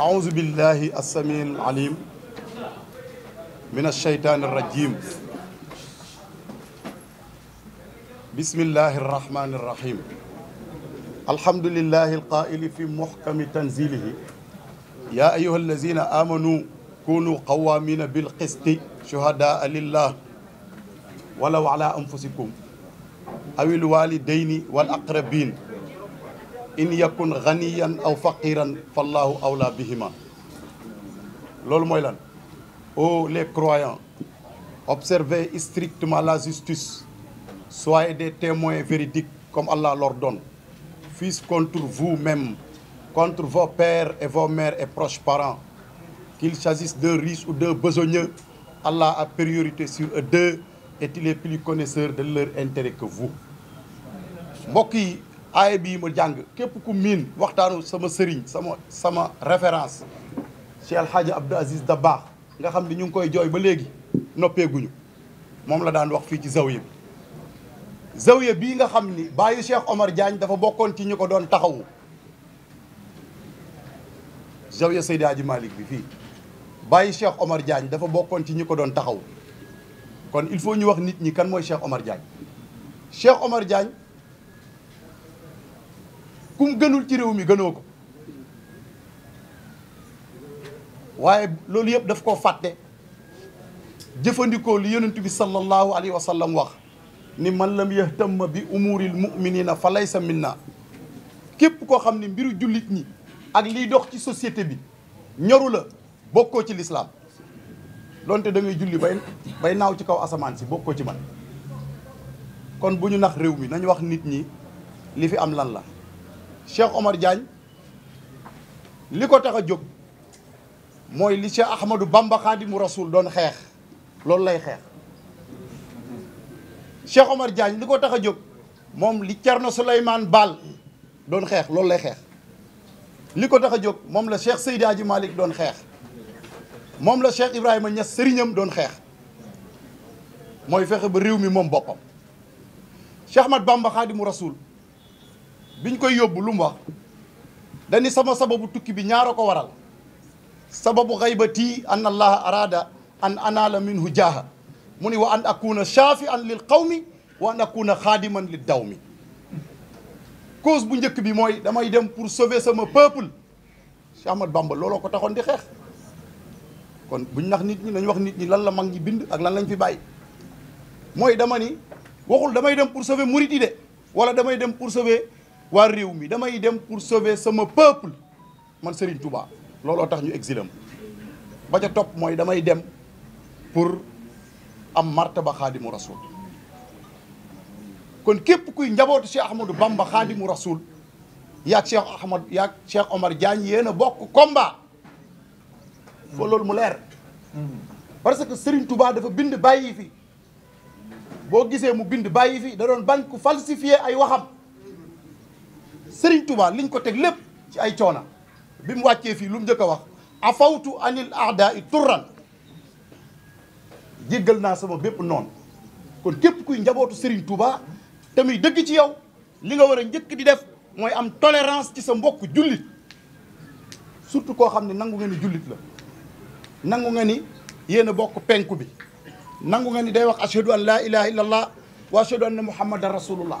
أعوذ بالله السميع العليم من الشيطان الرجيم بسم الله الرحمن الرحيم الحمد لله القائل في محكم تنزيله يا أيها الذين آمنوا كونوا قوامين بالقسط شهداء لله ولو على أنفسكم أو الوالدين والأقربين in yakun ganiyan aw faqiran fallahu awla bihima loolu mooy lan ô oh, les croyants observez strictement la justice soyez des témoins véridiques comme Allah l'ordonne fils contre vous-même contre vos pères et vos mères et proches parents qu'il s'agisse d'un riche ou d'un besogneux Allah a priorité sur eux deux et de leur intérêt que vous mbokk aaya bii ma jàng képp ku miin waxtaanu sama sëriñ sama sama référence Cheikh El Hadji Abdou Aziz baax nga xam ne ñu ngi koy jooy ba léegi noppeeguñu moom la daan wax fii ci zawiya bi zawiya bii nga xam ni bàyyi Cheikh Omar Diagne dafa bokkoon ci ñu ko doon taxawu zawiya Seydi Hadji bi fii bàyyi Cheikh Omar Diagne dafa bokkoon ko doon taxawu kon il faut ñu wax nit ñi kan mooy Cheikh Omar Diagne Cheikh Omar Diagne kum gënul ci réew mi gënoo ko waaye loolu yëpp daf koo fàtte jëfandikoo li yonent bi sallallahu alayhi wa sallam wax ni man lam yahtamma bi umuril muminina fa laysa minna képp koo xam ni mbiru jullit ñi ak liy dox ci société bi ñoru la bokkoo ci lislaam donte da ngay julli bay bay naaw ci kaw asamaan si bokkoo ci man kon bu ñu nax réew mi nañu wax nit ñi li fi am lan la Cheikh Omar Diagne li ko tax a jóg mooy li Cheikh Ahmadou Bamba Khadimu Rasoul doon xeex loolu lay xeex Cheikh Omar Diagne li ko tax a jóg moom li Thierno Souleymane Baal doon xeex loolu lay xeex li ko tax a jóg moom la Cheikh Seydi ji Malick doon xeex moom la Cheikh Ibrahima Niass sëriñam doon xeex mooy fexe ba réew mi moom boppam Cheikh Ahmad Bamba Khadimu Rasoul biñ koy yóbbu lu mu sama sababu tukki bi ñaara ko waral sababu xaybati an allaha arada an anaala minhu jaaha mu ni wa an akuna shaafi an lil qawmi wa an akuna xaadiman lil daw mi cause bu njëkk bi mooy damay dem pour sauver sama peuple Cheikh Ahmad looloo ko taxoon di xeex kon buñ nax nit ñi nañ wax nit ñi lan la mag ñi bind ak lan lañ fi bàyyi mooy dama ni waxul damay dem pour sauver murit yi wala damay dem pour sauver waa réew mi damay dem pour sauver sama peuple man sëriñ Touba looloo tax ñu exilam ba ca topp mooy damay dem pour am martaba xaadimu rasul kon képp kuy njabootu Cheikh Ahmadou Bamba xaadimu rasul yaag Cheikh Ahmad yaag Cheikh Omar Diagne yéen bokk komba ba loolu mu leer parce que sëriñ tubaa dafa bind bàyyi fi boo gisee mu bind bàyyi fi da doon bañ ku ay waxam Serigne Touba liñ ko teg lépp ci ay coona bi mu wàccee fii lu mu njëkk a wax afawtu anil aada i turran jéggal naa sama bépp noonu kon képp kuy njabootu sëriñ Touba te muy dëgg ci yow li nga war a njëkk di def mooy am tolérance ci sa mbokk jullit surtout koo xam ne nangu nga ni jullit la nangu nga ni yéen a bokk penku bi nangu nga ni day wax ashhadu an laa ilaha illallah wa ashhadu anna muhammadan rasulullah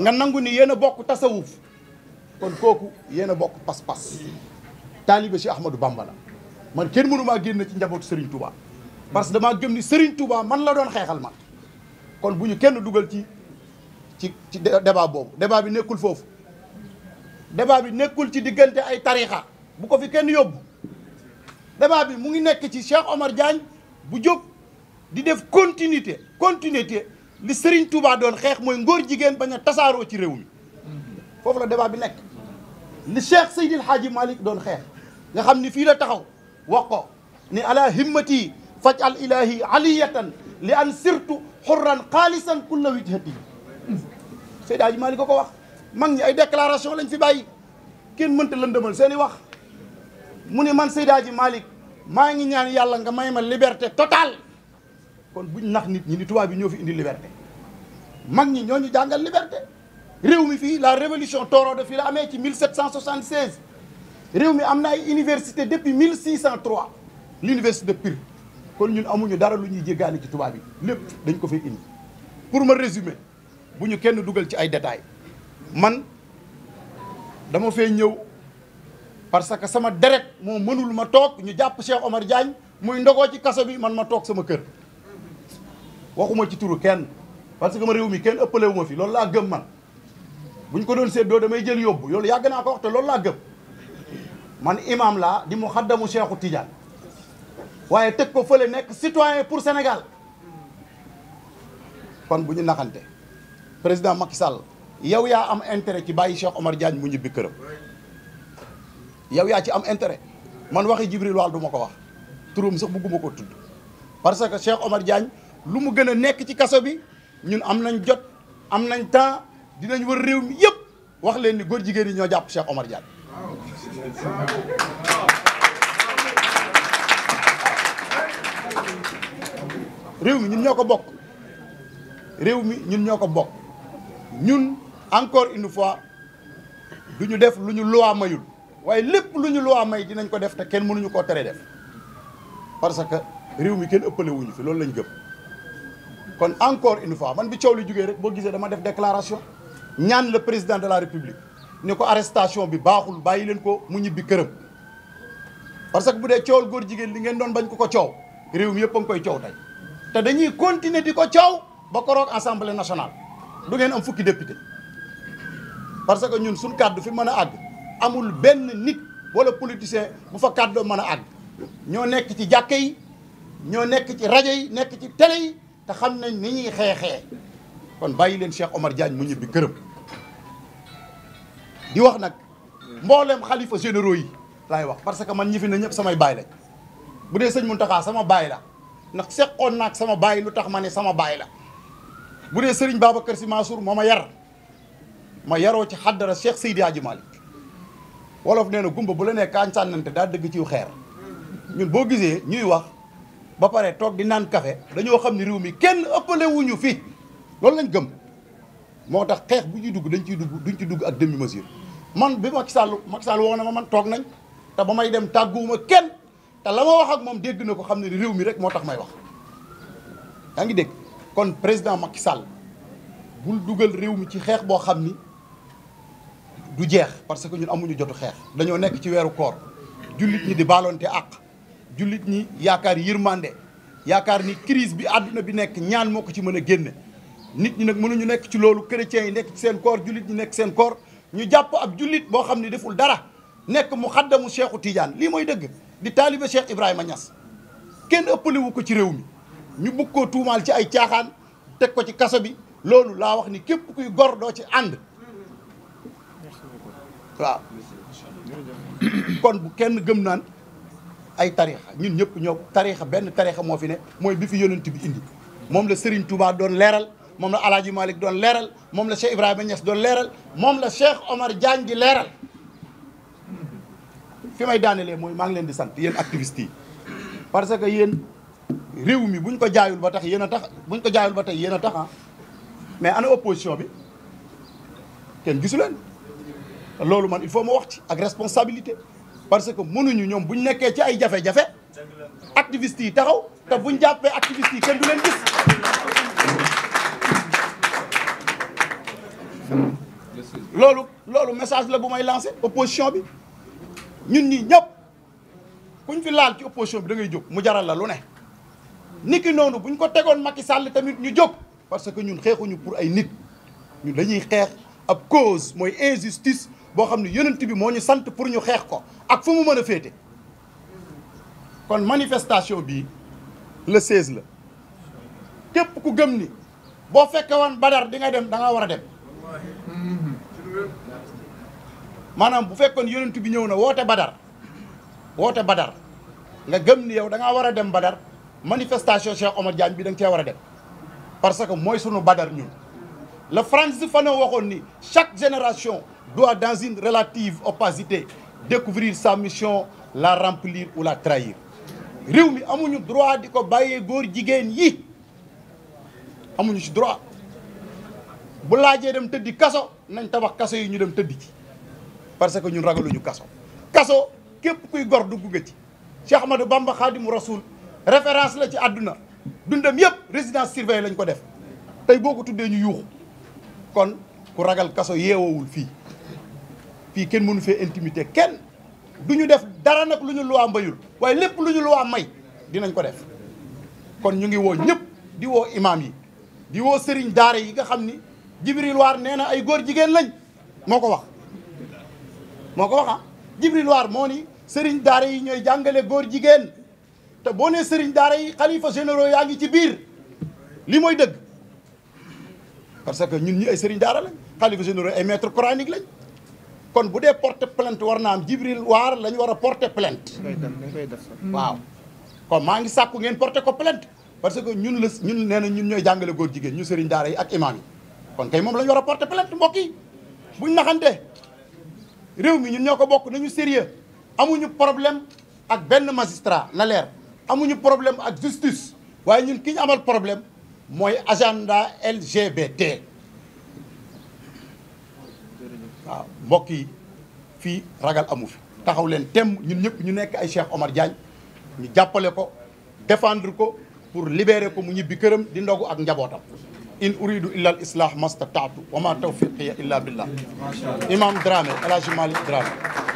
nga nangu ni yéen a bokk tasawuf kon kooku yéen a bokk pas-pas taalibe si Ahmadou Bamba la man kenn mënu maa génn ci njabootu Serigne Touba parce que damaa gëm ni Serigne Touba man la doon xeexal man kon bu ñu kenn dugal ci ci ci débat boobu débat bi nekkul foofu débat bi nekkul ci diggante ay tarixa bu ko fi kenn yóbbu débat bi mu ngi nekk ci Cheikh Omar Diagne bu jóg di def continuité continuité li Serigne Touba doon xeex mooy ngóor jigéen bañ a tasaaroo ci réew mi foofu la débat bi nekk li Cheikh Seydil Hadji Malick doon xeex nga xam ni fii la taxaw wax ko ni ala himmati faj al ilahi aliyatan li an sirtu xurran xaalisan kulla wijhati Seydi Hadji Malick ko ko wax mag ñi ay déclaration lañ fi bàyyi kenn mënta lëndëmal seen i wax mu ne man Seydi Hadji maa ngi ñaan yàlla nga may ma liberté total kon buñ nax nit ñi ni tubaab yi ñoo fi indi liberté mag ñi ñoo ñu jàngal liberté réew mi fii la révolution taureau de fii la amee ci 1776 réew mi am na ay université depuis 1603 l'université de Pire kon ñun amuñu dara lu ñuy jéggaani ci tubaab yi lépp dañ ko fay indi pour ma résumer bu ñu kenn dugal ci ay détails man dama fee ñëw parce que sama deret moom mënul ma toog ñu jàpp Cheikh Omar Diagne muy ndogoo ci kaso bi man ma toog sama kër waxuma ci turu kenn parce que ma réew mi kenn ëppale wu ma fi loolu laa gëm man bu ñu ko doon séddoo damay jël yóbbu loolu yàgg naa ko wax te loolu laa gëm man imam laa di mu xaddamu Seexu Tijaan waaye teg ko fële nekk citoyen pour Sénégal kon bu ñu naxante président Macky Sall yow yaa am intérêt ci bàyyi Cheikh Omar Diagne mu ñibbi këram yow yaa ci am intérêt man waxi Jibril Waal duma ko wax turam sax bugguma ko tudd parce que Cheikh Omar Diagne lu mu gën a nekk ci kaso bi ñun am nañ jot am nañ temps dinañ war réew mi yëpp wax leen ni góor jigéen yi ñoo jàpp Cheikh Omar Diagne réew mi ñun ñoo ko bokk réew mi ñun ñoo ko bokk ñun encore une fois du ñu def lu ñu loi mayul waaye lépp lu ñu loi may dinañ ko def te kenn mënuñu koo tere def parce que réew mi kenn ëppale wuñu fi loolu lañ gëm kon encore une fois man bi coow lu jógee rek boo gisee dama def déclaration ñaan la président de la république ni ko arestation bi baaxul bàyyi leen ko mu ñibbi këram parce que bu dee coowal góor jigéen li ngeen doon bañ ko ko coow réew mi yëpp a koy coow tey te dañuy continuer di ko coow ba koroog assemblée nationale du ngeen am fukki député parce que ñun suñ kàddu fi mën a àgg amul benn nit wala politicien bu fa kàddoo mën a àgg ñoo nekk ci jàkke yi ñoo nekk ci rajo yi nekk ci télé yi te xam nañ ni ñuy xeexee kon bàyyi leen Cheikh Omar Diagne mu ñibbi këram di wax nag mbooleem xalifa généraux yi laay wax parce que man ñi fi ne ñëpp samay baay lañ bu dee sëñ Mountakha sama baay la ndax seqoon naag sama baay lu tax ma ne sama baay la bu dee sëriñ Babacar Sy Mansour moo ma yar ma yaroo ci xaddara Cheikh Seydi Hadji Malick wolof nee na gumba bu la nee kaañ sànnante daal dëgg ciw xeer ñun boo gisee ñuy wax ba pare toog di naan kafe dañoo xam ni réew mi kenn ëppale wuñu fii loolu lañ gëm moo tax xeex bu ñuy dugg dañ ciy dugg duñ ci dugg ak demi mesure man bi Macky Sall Macky Sall woo na ma man toog nañ te ba may dem tàgguwuma kenn te la ma wax ak moom dégg na ko xam ne réew mi rek moo tax may wax yaa ngi dégg kon président Macky Sall bul dugal réew mi ci xeex boo xam ni du jeex parce que ñun amuñu jotu xeex dañoo nekk ci weeru koor jullit ñi di baalonte àq jullit ñi yaakaar yërmande yaakaar ni crise bi àdduna bi nekk ñaan moo ko ci mën a génne nit ñi nag mënuñu nekk ci loolu chrétiens yi nekk ci seen koor jullit ñi nekk seen koor ñu jàpp ab jullit boo xam ne deful dara nekk mu xaddamu Cheikhu Tidiane lii mooy dëgg di taalibe Cheikh Ibrahima ñas kenn ëppalewu ko ci réew mi ñu bugg koo tuumaal ci ay caaxaan teg ko ci kaso bi loolu laa wax ni képp kuy gor doo ci ànd waaw kon bu kenn gëm naan ay tarixa ñun ñëpp ñoo tarixa benn tarixa moo fi ne mooy bi fi yonent bi indi moom la Serigne Touba doon leeral moom la Alaaji Malick doon leeral moom la Cheikh Ibrahima Niass doon leeral moom la Cheikh Omar Diagne di leeral fi may daanelee mooy maa ngi leen di sant yéen activistes yi parce que yéen réew mi buñ ko jaayul ba tax yéen a tax buñ ko jaayul ba tax yéen a tax mais ana opposition bi kenn gisu leen loolu man il faut ma wax ci ak responsabilité parce que mënuñu ñoom bu ñu nekkee ci ay jafe-jafe activistes yi taxaw te bu ñu jàppee activistes yi kenn du leen gis. loolu loolu message la bu may lancé opposition bi ñun ñi ñëpp kuñ fi laal ci opposition bi da jóg mu jaral la lu ne. niki noonu buñ ko tegoon Macky sàll tamit ñu jóg parce que ñun xeexuñu pour ay nit ñun dañuy xeex ab cause mooy injustice. boo xam ne yonent bi moo ñu sant pour ñu xeex ko ak fu mu mën a féete kon manifestation bii le 16 la tépp ku gëm ni boo fekkee woon badar di nga dem da nga war a dem maanaam bu fekkee fekkoon yonent bi ñëw na woote badar woote badar nga gëm ni yow da ngaa war a dem badar manifestation Cheikh Omar jaañ bi danga cee war a dem parce que mooy sunu badar ñun la France Fanon waxoon ni chaque génération doit, dans une relative opacité, découvrir sa mission, la remplir ou la trahir. réew mi amuñu droit di ko bàyyee góor jigéen yi amuñu ci droit bu laajee dem tëddi kaso nañ tabax kaso yi ñu dem tëddi ci parce que ñun ragaluñu kaso kaso képp kuy gor dugg nga ci Cheikh Ahmadou Bamba Khadimu Rasoul référence la ci àdduna dundam yëpp résidence surveillée lañ ko def tey boo ko tuddee ñu yuuxu kon ku ragal kaso yeewoowul fii fii kenn mënu fee intimité kenn du ñu def dara nag lu ñu luwaa mbayul waaye lépp lu ñu luwaa may dinañ ko def kon ñu ngi woo ñëpp di woo imaam yi di woo sëriñ daara yi nga xam ni Jibril Waar nee na ay góor jigéen lañ moo ko wax moo ko wax a ah. Jibril Waar moo ni sëriñ daara yi ñooy jàngale góor jigéen te boo nee sëriñ daara yi xalifa généraux yaa ngi ci biir li mooy dëgg parce que ñun ñu ay sëriñ daara lañ xalifa généraux ay maître coranique lañ kon bu dee porte plainte war naa am Jibril Waar la ñu war a porter plainte. Mm. waaw kon maa ngi sàkku ngeen porter ko plainte. parce que ñun la ñun nee na ñun ñooy jàngale góor jigéen ñu sëriñ daara yi ak imaam yi kon kay moom la ñu war a porte plainte mbokk yi buñ naxante réew mi ñun ñoo ko bokk nañu sérieux amuñu problème ak benn magistrat na leer amuñu problème ak justice waaye ñun ki ñu amal problème mooy agenda LGBT. mbokk yi fii ragal amu fi taxaw leen temm ñun ñëpp ñu nekk ay Cheikh Omar Diagne ñu jàppale ko défendre ko pour libérer ko mu ñibbi këram di ndogu ak njabootam in uridu illa al islah mastataatu wa ma tawfiqiya illa billah imam Dramé El Hadji Malick